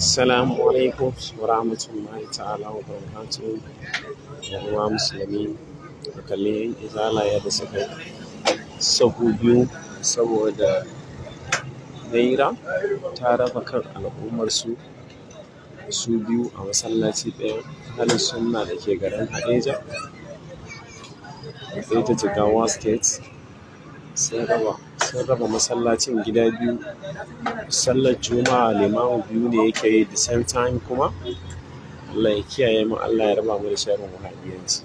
Assalamu alaikum wa rahmatullahi ta'ala wa barakatuhu uwa musulmi da kalli izala ya da suka sahu biyu saboda naira ta raba kan al'ummar su su biyu a masallaci ɗaya halin sunna da ke garin Hadeja ta ita Jigawa State sai raba sun raba masallacin gida biyu sallar juma'a limamu biyu ne yake yi the same time kuma allah ya kiyaye mu allah ya raba mu da sharin wahabiyanci